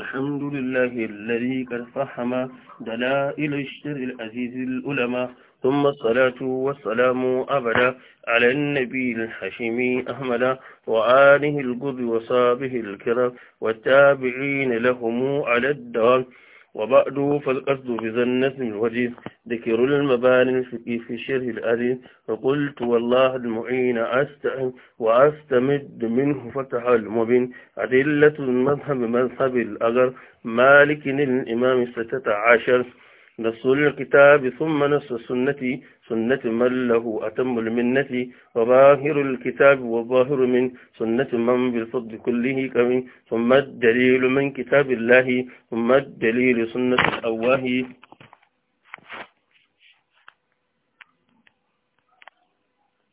الحمد لله الذي قد فهم دلائل الشر العزيز العلماء ثم الصلاة والسلام أبدا على النبي الحشمي أحمد وآله القر وصابه الكرام والتابعين لهم على الدوام وبعده فالقصد بذنة الوجيز ذكر المباني في شره الأليم فقلت والله المعين أستعن وأستمد منه فتح المبين أدلة المذهب مذهب الأجر مالك الإمام ستة عشر نص الكتاب ثم نص السنة سنة من له أتم المنة وظاهر الكتاب وظاهر من سنة من بالفضل كله كم ثم الدليل من كتاب الله ثم الدليل سنة الأواه